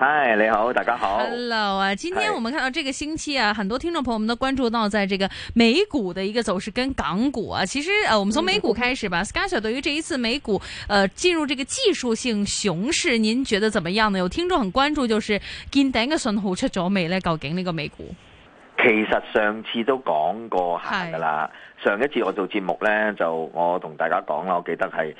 嗨，Hi, 你好，大家好。Hello 啊，今天我們看到這個星期啊，是很多聽眾朋友們都關注到，在這個美股的一個走勢跟港股啊，其實啊，我們從美股開始吧。Scott 對於這一次美股，呃，進入這個技術性熊市，您覺得怎麼樣呢？有聽眾很關注，就是見頂嘅信號出咗未呢？究竟呢個美股？其實上次都講過下噶啦， 上一次我做節目呢，就我同大家講啦，我記得係，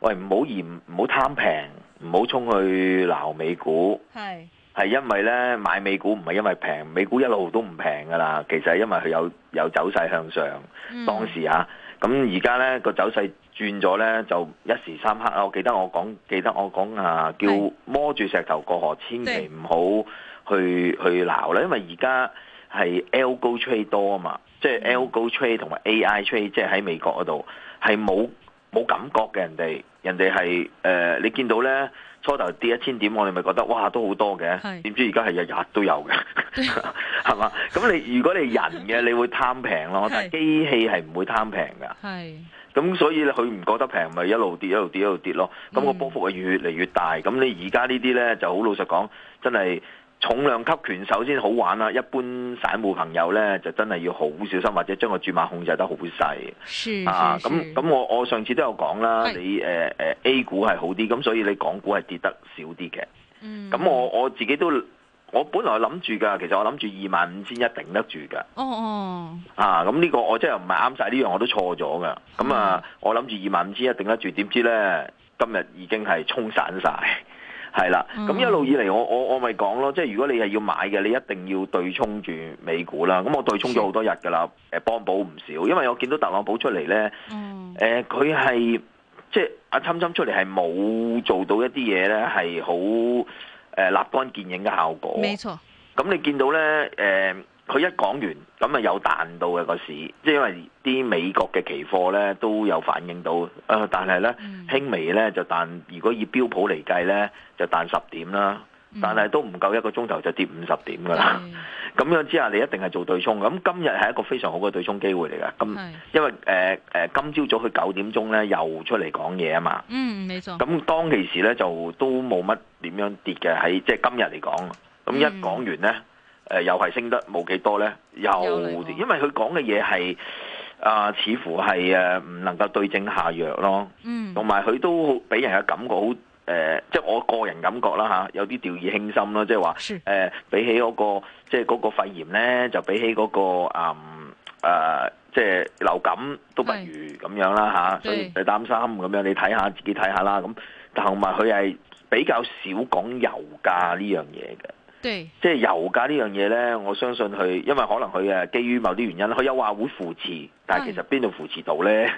喂，唔好嫌，唔好貪平。唔好衝去鬧美股，係係是因為咧買美股唔係因為平，美股一路都唔平噶啦，其實係因為佢有有走勢向上。嗯、當時嚇、啊，咁而家咧個走勢轉咗咧，就一時三刻啊！我記得我講，記得我講啊，叫摸住石頭過河，千祈唔好去對去鬧啦，因為而家係 algo trade 多啊嘛，即係 algo trade 同埋 AI trade，即係喺美國嗰度係冇。冇感覺嘅人哋，人哋係誒，你見到呢初頭跌一千點，我哋咪覺得哇都好多嘅，點知而家係日日都有嘅，係嘛？ 咁你如果你係人嘅，你會貪平咯， 是但係機器係唔會貪平㗎。係是，咁所以咧佢唔覺得平咪一路跌一路跌一路跌咯，咁個波幅係越嚟越大。咁、嗯、你而家呢啲呢，就好老實講，真係。重量級拳手首先好玩啦，一般散戶朋友呢，就真係要好小心，或者將個注碼控制得好細。啊，咁咁屬、啊、我我上次都有講啦，是你誒誒、呃呃、A 股係好啲，咁所以你港股係跌得少啲嘅。咁、嗯、我我自己都我本來諗住噶，其實我諗住二萬五千一頂得住㗎。哦哦啊，咁呢個我真係唔係啱晒呢樣，我都錯咗㗎。咁啊、嗯，我諗住二萬五千一頂得住，點知呢？今日已經係沖散晒。係啦，咁一路以嚟我我我咪講咯，即係如果你係要買嘅，你一定要對沖住美股啦。咁我對沖咗好多日噶啦，誒幫補唔少，因為我見到特朗普出嚟咧，誒佢係即係阿貪貪出嚟係冇做到一啲嘢咧，係好誒立竿見影嘅效果。冇錯。咁你見到咧誒？呃佢一講完咁啊有彈到嘅、那個市，即係因為啲美國嘅期貨咧都有反應到，啊、呃、但係咧、嗯、輕微咧就彈，如果以標普嚟計咧就彈十點啦，嗯、但係都唔夠一個鐘頭就跌五十點噶啦。咁是樣之下你一定係做對沖，咁今日係一個非常好嘅對沖機會嚟噶。咁是因為誒誒、呃呃、今朝早佢九點鐘咧又出嚟講嘢啊嘛。嗯，冇錯、咁當其時咧就都冇乜點樣跌嘅，喺即係今日嚟講，咁一講完咧、嗯。嗯誒、呃、又係升得冇幾多咧，又因為佢講嘅嘢係啊，似乎係誒唔能夠對症下藥咯。嗯，同埋佢都俾人嘅感覺好誒、呃，即係我個人感覺啦嚇，有啲掉以輕心啦，即係話誒，比起嗰、嗰個即係嗰個肺炎咧，就比起嗰、嗰個嗯、呃呃、即係流感都不如咁樣啦嚇是、啊，所以你擔心咁樣，是你睇下自己睇下啦咁。同埋佢係比較少講油價呢樣嘢嘅。即係對 油價呢樣嘢呢，我相信佢，因為可能佢誒基於某啲原因，佢有話會扶持，但係其實邊度扶持到呢？是的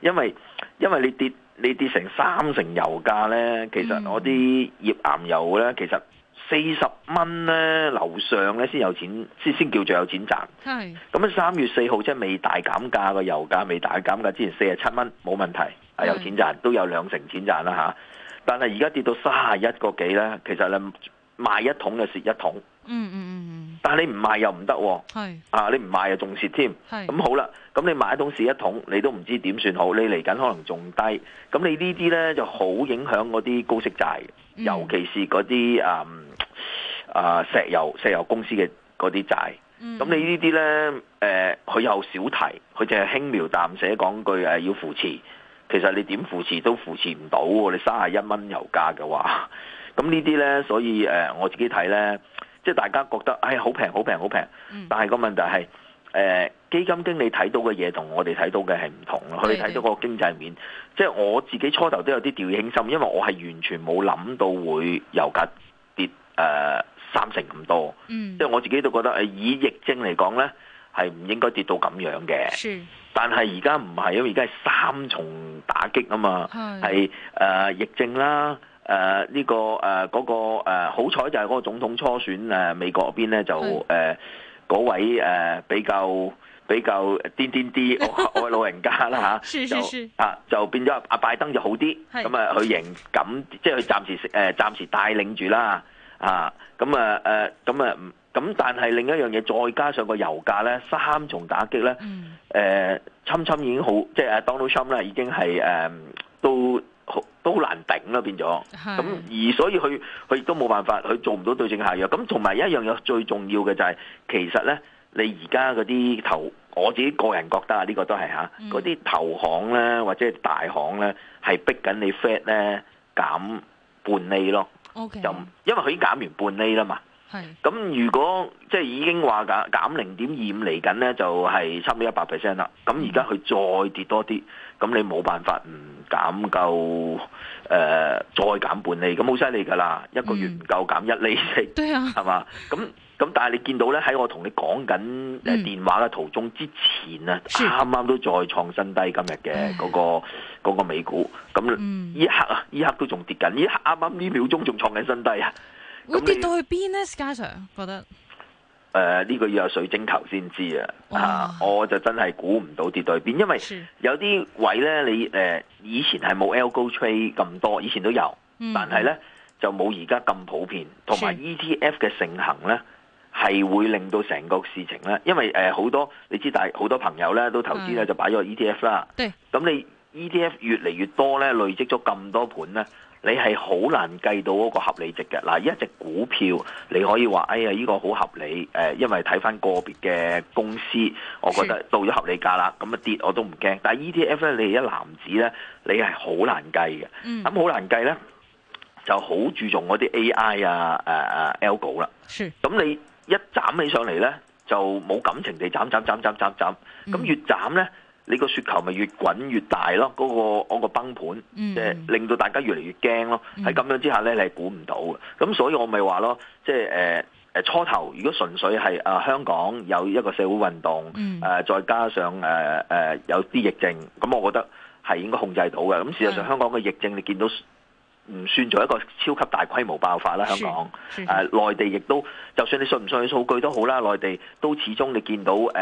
因為因為你跌你跌成三成油價呢，其實我啲頁岩油呢，其實四十蚊呢，樓上呢先有錢，先先叫做有錢賺。咁啊是的！三月四號即係未大減價嘅油價未大減價，減價之前四十七蚊冇問題啊，有錢賺，都有兩成錢賺啦吓。但係而家跌到三十一個幾呢，其實咧。賣一桶就蝕一桶，嗯嗯嗯，嗯嗯但係你唔賣又唔得，啊，係是啊你唔賣又仲蝕添，係咁是好啦。咁你賣一桶蝕一桶，你都唔知點算好。你嚟緊可能仲低，咁你呢啲咧就好影響嗰啲高息債，嗯、尤其是嗰啲誒誒石油石油公司嘅嗰啲債。咁、嗯嗯、你呢啲咧誒，佢又少提，佢淨係輕描淡寫講句誒要扶持，其實你點扶持都扶持唔到。你三十一蚊油價嘅話，話。 咁呢啲呢，所以誒、呃，我自己睇呢，即係大家覺得誒好平、好、哎、平、好平，嗯、但係個問題係、呃、基金經理睇到嘅嘢同、嗯、我哋睇到嘅係唔同，佢哋睇到個經濟面，嗯、即係我自己初頭都有啲掉以輕心，因為我係完全冇諗到會油價跌誒、呃、三成咁多。嗯、即係我自己都覺得以疫症嚟講呢，係唔應該跌到咁樣嘅。是但係而家唔係，因為而家係三重打擊啊嘛，係誒、嗯呃、疫症啦。呃誒，呢、呃這個誒，嗰、呃那個誒，好、呃、彩就係嗰個總統初選誒、呃，美國嗰邊咧就誒嗰是、呃、位誒、呃、比較比較癲癲啲，我我老人家啦吓，就啊就變咗阿拜登就好啲，咁啊佢贏咁，即係佢暫時誒暫時帶領住啦，啊咁啊誒咁啊咁，但係另一樣嘢再加上個油價咧，三重打擊咧，誒、嗯，侵侵、呃、已經好，即係 Donald Trump 咧已經係誒、呃、都。都難頂啦，變咗的。咁而所以佢佢亦都冇辦法，佢做唔到對症下藥。咁同埋一樣嘢，最重要嘅就係、是、其實咧，你而家嗰啲投我自己個人覺得啊，呢、這個都係嚇嗰啲投行咧，或者大行咧，係逼緊你 fat 咧減半厘咯。就 Okay 因為佢已經減完半厘啦嘛。咁的如果即係已經話減減零點二五嚟緊咧，就係、是、差唔多一百 percent 啦。咁而家佢再跌多啲。咁你冇辦法唔減夠誒，再減半厘，咁好犀利噶啦！一個月唔夠減一厘息，係嘛？咁，咁，但係你見到呢，喺我同你講緊誒電話嘅途中之前啊，啱啱、嗯、都再創新低今日嘅嗰個是、那個那個美股，咁依刻啊，依、嗯、刻都仲跌緊，一刻啱啱呢秒鐘仲創緊新低啊！咁、嗯、你跌到去邊呢，佳 Sir 覺得？誒呢、呃這個要有水晶球先知哇啊！嚇，我就真係估唔到跌到邊，因為有啲位咧，你誒、呃、以前係冇 algo trade 咁多，以前都有，嗯、但係咧就冇而家咁普遍，同埋 ETF 嘅盛行咧，係會令到成個事情咧，因為誒好、呃、多你知，但好多朋友咧都投資咧、嗯、就擺咗 ETF 啦，咁、嗯、你。E T F 越嚟越多呢，累積咗咁多盤呢，你係好難計到嗰個合理值嘅。嗱，一隻股票你可以話，哎呀，呢、呢個好合理，誒，因為睇翻個別嘅公司，我覺得到咗合理價啦，咁一跌我都唔驚。但係 E T F 呢，你一籃子呢，你係好難計嘅。嗯。咁好難計呢，就好注重嗰啲 A I 啊，誒誒 algo 啦。咁、啊、你一斬起上嚟呢，就冇感情地斬斬斬斬斬斬，斬，斬，斬，斬，咁越斬呢。你個雪球咪越滾越大咯，嗰個嗰個崩盤，即係令到大家越嚟越驚咯。喺咁、嗯、樣之下咧，你係估唔到嘅。咁所以我咪話咯，即係誒誒初頭，如果純粹係啊香港有一個社會運動，誒、嗯呃、再加上誒誒、呃呃、有啲疫症，咁我覺得係應該控制到嘅。咁事實上香港嘅疫症，的你見到。唔算做一個超級大規模爆發啦，香港誒、啊、內地亦都，就算你信唔信佢數據都好啦，內地都始終你見到誒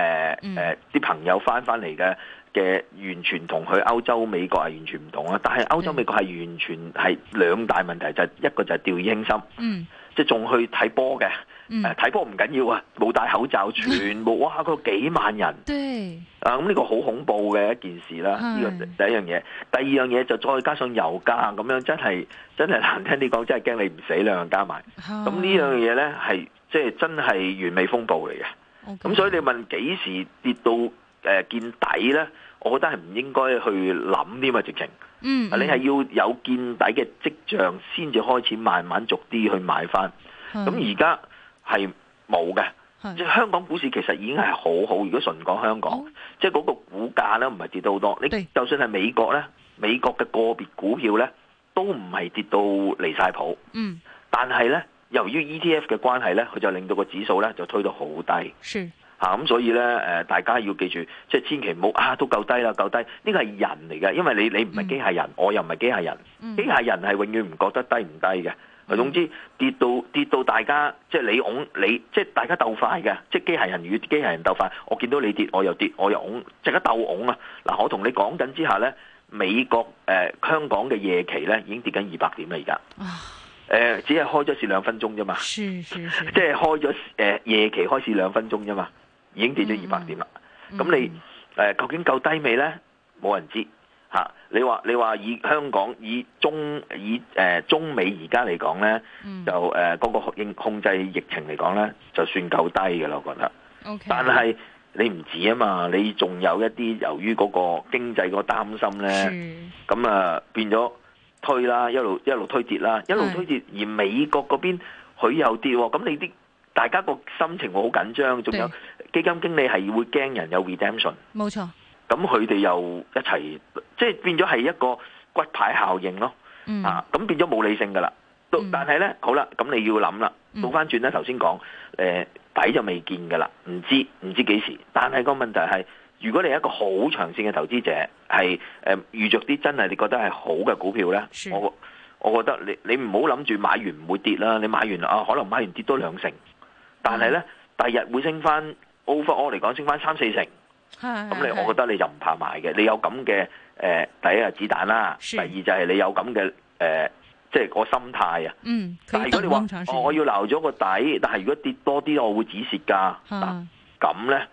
誒啲朋友返返嚟嘅嘅，完全同去歐洲美國係完全唔同啊！但係歐洲、嗯、美國係完全係兩大問題，就係、是、一個就係掉以輕心。嗯即係仲去睇波嘅，睇波唔緊要啊，冇戴口罩，全部哇，嗰幾萬人， 對啊，咁、嗯、呢、這個好恐怖嘅一件事啦，呢、這個第一樣嘢。第二樣嘢就再加上油價咁樣真，真係真係難聽啲講，真係驚你唔死兩樣加埋。咁、 嗯、呢樣嘢咧係即係真係完美風暴嚟嘅。咁 Okay.、嗯、所以你問幾時跌到？誒、呃，見底呢，我覺得係唔應該去諗啲啊！直情，你係要有見底嘅跡象先至開始慢慢逐啲去買翻。咁而家係冇嘅。的香港股市其實已經係好好，嗯、如果純講香港，嗯、即係嗰個股價呢，唔係跌到好多。對你就算係美國呢，美國嘅個別股票呢都唔係跌到離晒譜。嗯，但係呢，由於 ETF 嘅關係呢，佢就令到個指數呢就推到好低。咁、嗯、所以咧，誒大家要記住，即係千祈唔好啊都救低夠低啦，夠低呢個係人嚟嘅，因為你你唔係機械人，嗯、我又唔係機械人，嗯、機械人係永遠唔覺得低唔低嘅。嗯、總之跌到跌到大家即係你㧬你，即係大家鬥快嘅，即係機械人與機械人鬥快。我見到你跌，我又跌，我又㧬，即刻一鬥㧬啊！嗱，我同你講緊之下咧，美國誒、呃、香港嘅夜期咧已經跌緊二百點啦，而家誒只係開咗市兩分鐘啫嘛，即係 開咗誒、呃、夜期開始兩分鐘啫嘛。已經跌咗二百點啦，咁、嗯、你誒、嗯、究竟夠低未呢？冇人知嚇、啊。你話你話以香港以中以誒、呃、中美而家嚟講呢，嗯、就誒嗰、呃那個控控制疫情嚟講呢，就算夠低嘅啦，我覺得。Okay. 但係你唔止啊嘛，你仲有一啲由於嗰個經濟個擔心呢，咁、嗯、啊變咗推啦，一路一路推跌啦，一路推跌。的而美國嗰邊佢又跌喎，咁、喔、你啲。大家個心情會好緊張，仲有基金經理係會驚人有 redemption，冇錯。咁佢哋又一齊，即係變咗係一個骨牌效應咯。嗯、啊，咁變咗冇理性噶啦。但係呢，好啦，咁你要諗啦。倒翻轉咧，頭先講誒底就未見噶啦，唔知唔知幾時。但係個問題係，如果你係一個好長線嘅投資者，係誒預着啲真係你覺得係好嘅股票呢，是我我覺得你你唔好諗住買完唔會跌啦。你買完啊，可能買完跌多兩成。但係咧，第日會升翻，overall 嚟講升翻三四成，咁是你我覺得你就唔怕埋嘅，你有咁嘅誒第一子彈啦、啊，是第二就係你有咁嘅誒，即係個心態啊。嗯，但係如果你話、嗯哦，我要留咗個底，但係如果跌多啲，我會止蝕噶。嗯是，咁咧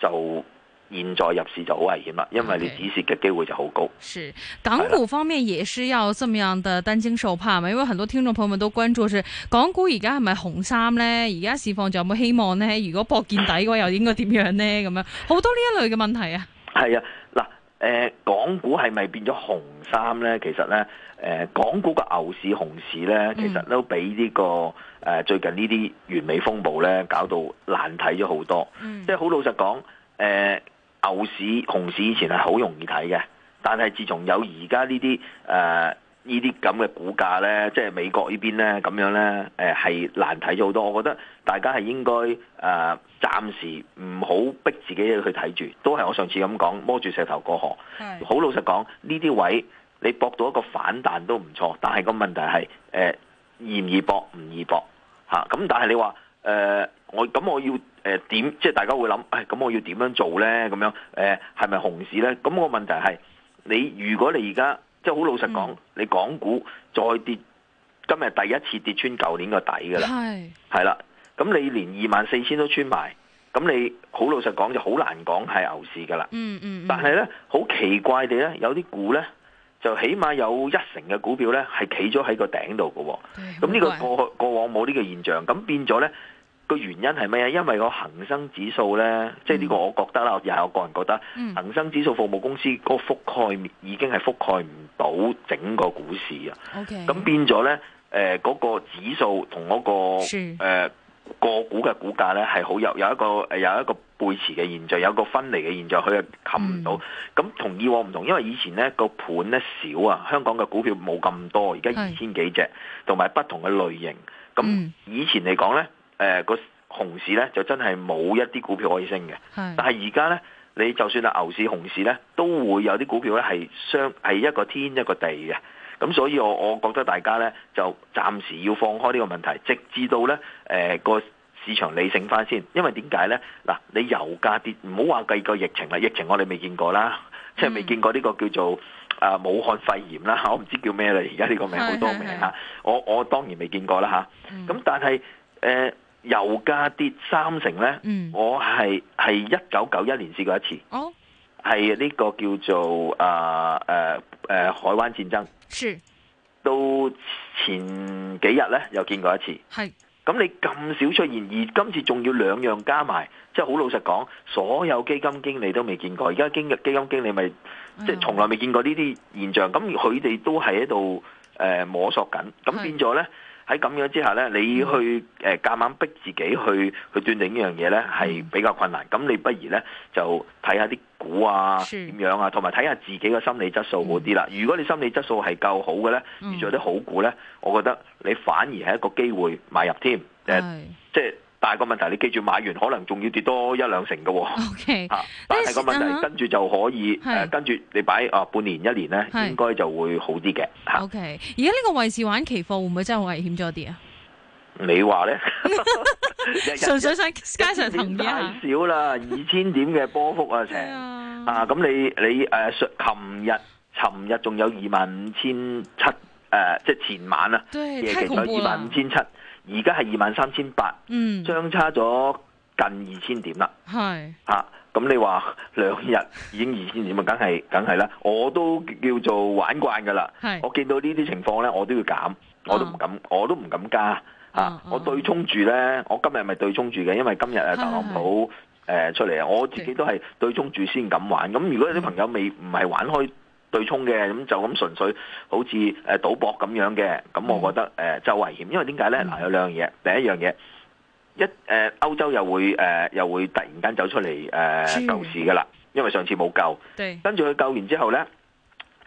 就。現在入市就好危險啦，因為你止蝕嘅機會就好高 Okay.。港股方面也是要咁樣的擔驚受怕嘛，因為很多聽眾朋友們都關注是，港股而家係咪紅衫呢？而家市況仲有冇希望呢？如果博見底嘅 又應該點樣呢？咁樣好多呢一類嘅問題啊。係啊，嗱，誒，港股係咪變咗紅衫呢？其實呢，誒、呃，港股嘅牛市、熊市呢，其實都比呢、這個誒、呃、最近呢啲完美風暴呢搞到難睇咗好多。嗯、即係好老實講，誒、呃。呃牛市、熊市以前係好容易睇嘅，但係自從有而家呢啲誒呢啲咁嘅股價呢，即係美國呢邊呢咁樣呢，誒、呃、係難睇咗好多。我覺得大家係應該誒暫時唔好逼自己去睇住，都係我上次咁講，摸住石頭過河。好係老實講，呢啲位你搏到一個反彈都唔錯，但係個問題係誒、呃、易唔易搏？唔易搏。嚇、啊。咁但係你話誒、呃、我咁我要？誒、呃，點即係大家會諗，誒、哎、咁我要點樣做咧？咁樣誒，係、呃、咪熊市咧？咁個問題係，你如果你而家即係好老實講，嗯、你港股再跌，今日第一次跌穿舊年個底噶啦，係係啦，咁你連二萬四千都穿埋，咁你好老實講就好難講係牛市噶啦、嗯。嗯嗯。但係咧，好奇怪地咧，有啲股咧就起碼有一成嘅股票咧係企咗喺個頂度噶，咁呢個過過往冇呢個現象，咁變咗咧。個原因係咩啊？因為個恒生指數咧，嗯、即係呢個我覺得啦，又也我個人覺得，恒、嗯、生指數服務公司個覆蓋已經係覆蓋唔到整個股市啊。咁 Okay 變咗咧，誒、呃、嗰、那個指數同嗰、那個誒個、呃、股嘅股價咧係好有有一個有一個背馳嘅現象，有一個分離嘅現象，佢係冚唔到。咁同、嗯、以往唔同，因為以前咧個盤咧少啊，香港嘅股票冇咁多，而家二千幾隻，同埋是不同嘅類型。咁以前嚟講咧。嗯誒個、呃、熊市咧就真係冇一啲股票可以升嘅。是但係而家咧，你就算係牛市、熊市咧，都會有啲股票咧係相係一個天一個地嘅。咁所以我我覺得大家咧就暫時要放開呢個問題，直至到咧誒個市場理性翻先。因為點解咧？嗱，你油價跌，唔好話計個疫情啦。疫情我哋未見過啦，嗯、即係未見過呢個叫做啊、呃、武漢肺炎啦，我唔知叫咩啦。而家呢個名好多名嚇。我我當然未見過啦嚇。咁、啊嗯、但係誒。呃油價跌三成呢，嗯、我係係一九九一年試過一次，係呢、哦、個叫做誒誒、呃呃呃、海灣戰爭，是到前幾日呢，又見過一次，係咁是你咁少出現，而今次仲要兩樣加埋，即係好老實講，所有基金經理都未見過，而家經日基金經理咪即係從來未見過呢啲現象，咁佢哋都係喺度摸索緊，咁變咗呢。是喺咁樣之下呢，你去誒夾、呃、硬逼自己去去斷定呢樣嘢呢，係比較困難。咁、嗯、你不如呢，就睇下啲股啊點樣啊，同埋睇下自己嘅心理質素嗰啲啦。嗯、如果你心理質素係夠好嘅呢，遇咗啲好股呢，我覺得你反而係一個機會買入添。誒、呃，是即係。但係個問題，你記住買完可能仲要跌多一兩成嘅，吓。但係個問題，跟住就可以，誒，跟住你擺啊，半年一年咧，應該就會好啲嘅。OK，而家呢個位置玩期貨會唔會真係好危險咗啲啊？你話咧，純粹上街上層太少啦，二千點嘅波幅啊，成啊，咁你你誒，琴日，琴日仲有二萬五千七。誒、呃，即係前晚啦，對夜期就二萬五千七，而家係二萬三千八，相差咗近二千點啦。係吓是，咁、啊、你話兩日已經二千點，咪梗係梗係啦。我都叫做玩慣噶啦。是我見到況呢啲情況咧，我都要減，我都唔敢，啊、我都唔敢加吓。啊、啊啊我對沖住咧，我今日咪對沖住嘅，因為今日啊特朗普誒出嚟啊，我自己都係對沖住先敢玩。咁如果有啲朋友未唔係玩開。對沖嘅咁就咁純粹好似誒賭博咁樣嘅，咁我覺得誒、呃、就危險，因為點解咧？嗱、嗯，有兩樣嘢，第一樣嘢一誒、呃、歐洲又會誒、呃、又會突然間走出嚟誒、呃、了救市噶啦，因為上次冇救，對跟住佢救完之後咧，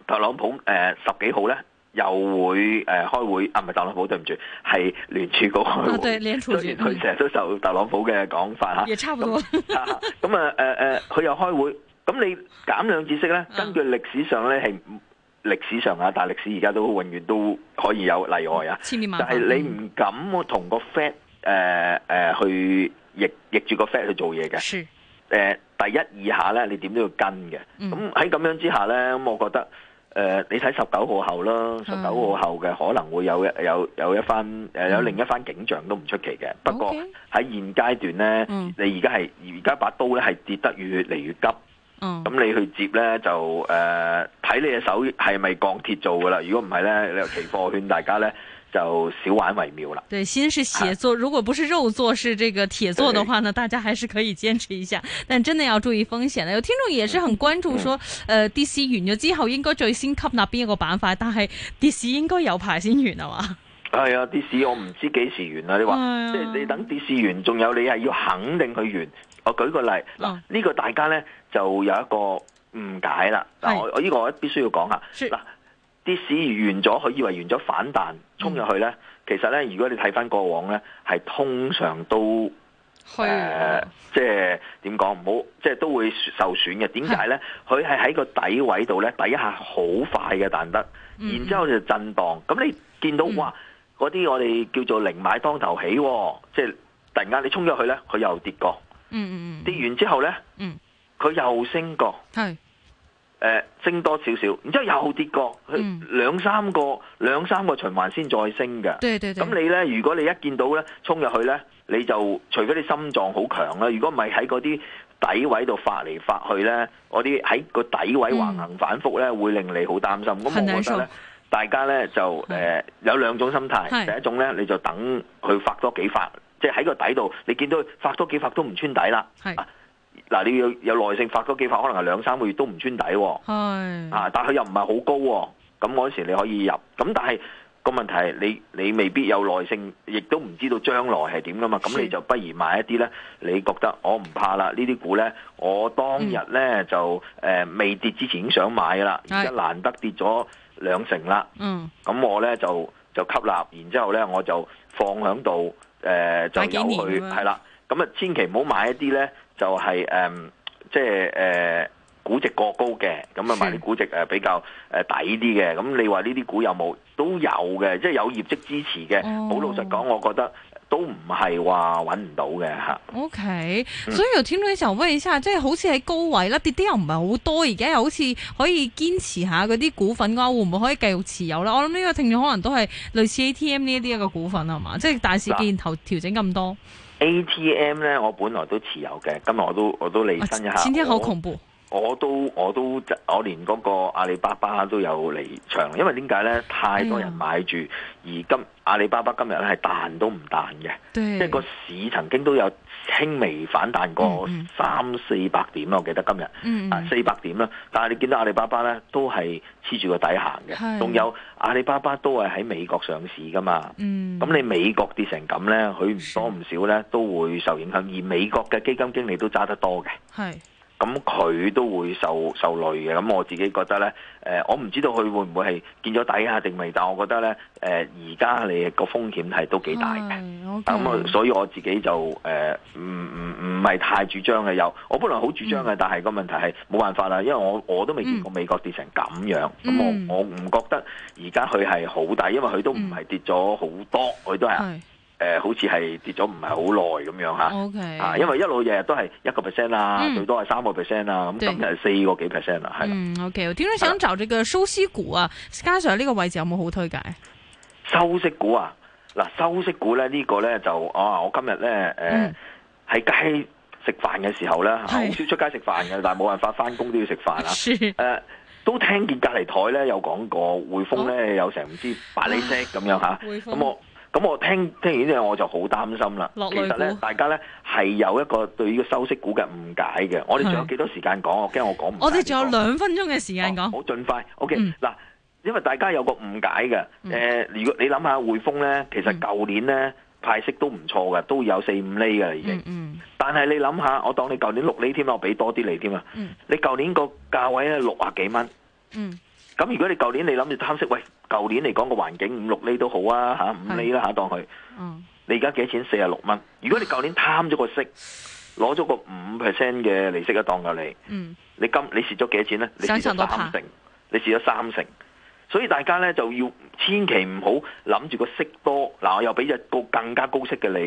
特朗普誒、呃、十幾號咧又會誒、呃、開會，啊唔係特朗普，對唔住，係聯儲局開會，雖然佢成日都受特朗普嘅講法嚇，差不多，咁啊誒誒，佢又開會。咁你減量知識呢？嗯嗯、根據歷史上呢，係歷史上啊，但係歷史而家都永遠都可以有例外啊。但係你唔敢同個 fat 誒、呃、誒、呃、去逆住個 fat 去做嘢嘅。是、呃、第一二下呢，你點都要跟嘅。咁喺咁樣之下呢，我覺得誒、呃，你睇十九號後啦，十九號後嘅、嗯、可能會有有有、有一番誒有另一番景象都唔出奇嘅。不過喺現階段呢，你而家係而家把刀呢係跌得越嚟越急。嗯嗯咁你去接咧就誒，睇你嘅手係咪鋼鐵做噶啦？如果唔係咧，你有期貨勸大家咧就少玩為妙啦。對，先係鐵做，啊、如果不是肉做，是這個鐵做嘅話呢？對大家還是可以堅持一下，但真的要注意風險啦。有聽眾也是很關注說，說誒、嗯，跌市、呃、完咗之後應該最先吸納邊一個板塊？但係跌市應該有排先完啊嘛？係啊，跌市我唔知幾時完啊。你」你話即係你等跌市完，仲有你係要肯定佢完。 我舉個例，嗱呢、呢個大家咧就有一個誤解啦。嗱是，呢個、我我呢個必須要講下。嗱是，啲市完咗，佢以為完咗反彈衝入去咧，嗯、其實咧，如果你睇翻過往咧，係通常都誒、嗯呃，即係點講？唔好即係都會受損嘅。點解咧？佢係喺個底位度咧，底下好快嘅彈得，然之後就震盪。咁、嗯、你見到哇嗰啲我哋叫做零買當頭起、哦，即係突然間你衝入去咧，佢又跌過。嗯嗯,嗯跌完之後咧，嗯，佢又升過，係是，誒、呃，升多少少，然之後又跌過，佢兩、嗯、三個兩三個循環先再升嘅，咁的你咧，如果你一見到咧衝入去咧，你就除非你心臟好強啦，如果唔係喺嗰啲底位度發嚟發去咧，嗰啲喺個底位橫行反覆咧，會令你好擔心。咁的、嗯、我覺得咧，大家咧就，誒、呃，有兩種心態，的第一種咧你就等佢發多,多幾發。即係喺個底度，你見到佢發多幾發都唔穿底啦。係嗱是、啊，你要有，有耐性，多發多幾發可能係兩三個月都唔穿底。係是啊，但係佢又唔係好高、啊，咁、嗯、嗰時你可以入。咁、嗯、但係、那個問題係，你你未必有耐性，亦都唔知道將來係點噶嘛。咁你就不如買一啲咧。你覺得我唔怕啦？呢啲股咧，我當日咧就誒、呃、未跌之前已經想買噶啦。而家難得跌咗兩成啦。是嗯。咁我咧就就吸納，然之後咧我就放喺度。誒、呃、就有佢係啦，咁啊千祈唔好買一啲咧、就是呃，就係、是、誒，即係誒，估值過高嘅，咁啊買啲估值誒，比較誒抵啲嘅。咁是你話呢啲股有冇都有嘅，即、就、係、是、有業績支持嘅。好、哦、老實講，我覺得。都唔係話揾唔到嘅嚇。OK，嗯，所以有天嗰啲時候，威你思即係好似喺高位啦，跌啲又唔係好多，而家又好似可以堅持下嗰啲股份嘅話，會唔會可以繼續持有咧？我諗呢個聽眾可能都係類似 A T M 呢一啲一個股份係嘛？即係大市見頂調整咁多。A T M 咧，我本來都持有嘅，今日我都我都離身一下。今天好恐怖。我都我都我連嗰個阿里巴巴都有離場，因為點解呢？太多人買住，哎、呀而今阿里巴巴今日咧係彈都唔彈嘅，即係對個市曾經都有輕微反彈過三四百點啦，我記得今日啊四百點啦。但係你見到阿里巴巴呢，都係黐住個底行嘅，仲是有阿里巴巴都係喺美國上市噶嘛。咁、嗯、你美國跌成咁呢，佢唔多唔少呢都會受影響，而美國嘅基金經理都揸得多嘅。的咁佢、嗯、都會受受累嘅，咁、嗯、我自己覺得呢，誒、呃，我唔知道佢會唔會係見咗底啊定未，但我覺得呢，誒、呃，而家你個風險係都幾大嘅，咁、okay. 嗯、所以我自己就誒，唔唔唔係太主張嘅。又我本來好主張嘅，嗯、但係個問題係冇辦法啦，因為我我都未見過美國跌成咁樣，咁我我唔覺得而家佢係好底，因為佢都唔係跌咗好多，佢都係。是誒、呃，好似係跌咗唔係好耐咁樣吓，Okay. 啊，因為一路日日都係一個 percent 啦，嗯、最多係三個 percent 啦，咁、嗯、今日係四個幾 percent 啦，係啦。O K，我點樣想找這個收息股啊？加上呢個位置有冇好推介？收息股啊，嗱，收息股咧呢、呢個咧就，啊，我今日咧誒喺街食飯嘅時候咧，嗯、是的 好少出街食飯嘅，但係冇辦法翻工都要食飯 是的 啊。誒，都聽見隔籬台咧有講過，匯豐咧有成唔知百厘息咁樣吓，咁、啊、我。啊呃啊咁我聽聽完呢樣我就好擔心啦。其實咧，大家咧係有一個對呢個收息股嘅誤解嘅。我哋仲有幾多時間講？是我驚我講唔到。我哋仲有兩分鐘嘅時間講。好、哦、盡快。O K，嗱，因為大家有個誤解嘅。誒、嗯，如果、呃、你諗下匯豐咧，其實舊年咧派息都唔錯嘅，都有四五厘嘅啦已經。嗯，嗯。但係你諗下，我當你舊年六厘添啦，我俾多啲你添啊。你舊年個價位咧六啊幾蚊？嗯。咁如果你舊年你諗住貪息，喂，舊年嚟講個環境五六厘都好啊，吓、啊、五厘啦吓當佢。嗯、你而家幾多錢？四啊六蚊。如果你舊年貪咗個息，攞咗個五 percent 嘅利息啊，當夠你。嗯、你今你蝕咗幾多錢咧？你蝕咗三成。你蝕咗三成。所以大家咧就要千祈唔好諗住個息多。嗱，我又俾隻高更加高息嘅你，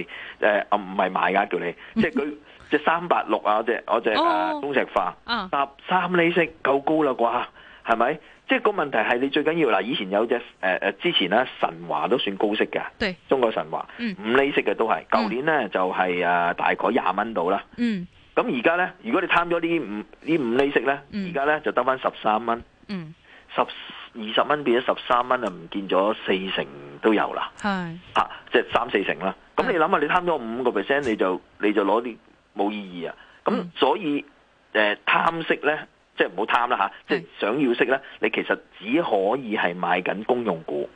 誒、呃，唔係買啊叫你，即係佢即係三八六啊，隻嗰隻誒中石化，搭三、啊、厘息夠高啦啩。係咪？即係個問題係你最緊要嗱，以前有隻誒誒，之前咧，神華都算高息嘅，對，中國神華五厘息嘅都係。舊年咧就係誒大概廿蚊度啦。嗯，咁而家咧，如果你貪咗啲五啲五厘息咧，而家咧就得翻十三蚊。嗯，十二十蚊變咗十三蚊啊，唔見咗四成都有啦。係啊，即係三四成啦。咁你諗下，你貪咗五個 percent，你就你就攞啲冇意義啊。咁所以誒貪息咧。即係唔好貪啦吓，即係想要息咧，你其實只可以係買緊公用股，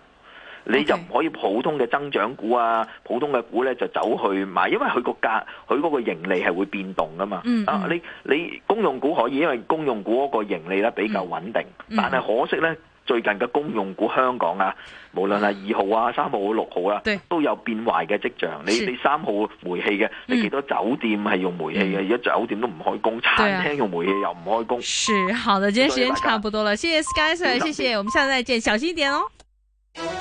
你就唔可以普通嘅增長股啊，普通嘅股咧就走去買，因為佢個價，佢嗰個盈利係會變動噶嘛。嗯嗯啊，你你公用股可以，因為公用股嗰個盈利咧比較穩定，嗯嗯但係可惜咧。最近嘅公用股香港啊，無論係二號啊、三號啊、六號啊，對都有變壞嘅跡象。你是你三號煤氣嘅，嗯、你幾多酒店係用煤氣嘅？而家、嗯、酒店都唔開工，餐廳用煤氣又唔開工。啊、是好的，今日時間差不多了， 謝謝 SkySir，邊謝謝，我哋下次再見，小心一啲哦。